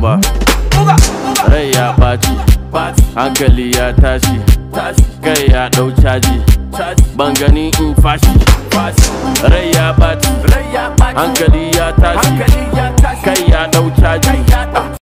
ba rai ya baci hankali ya tashi kai ya dau caji ban gani in fashi rai ya baci hankali ya tashi kai ya dau caji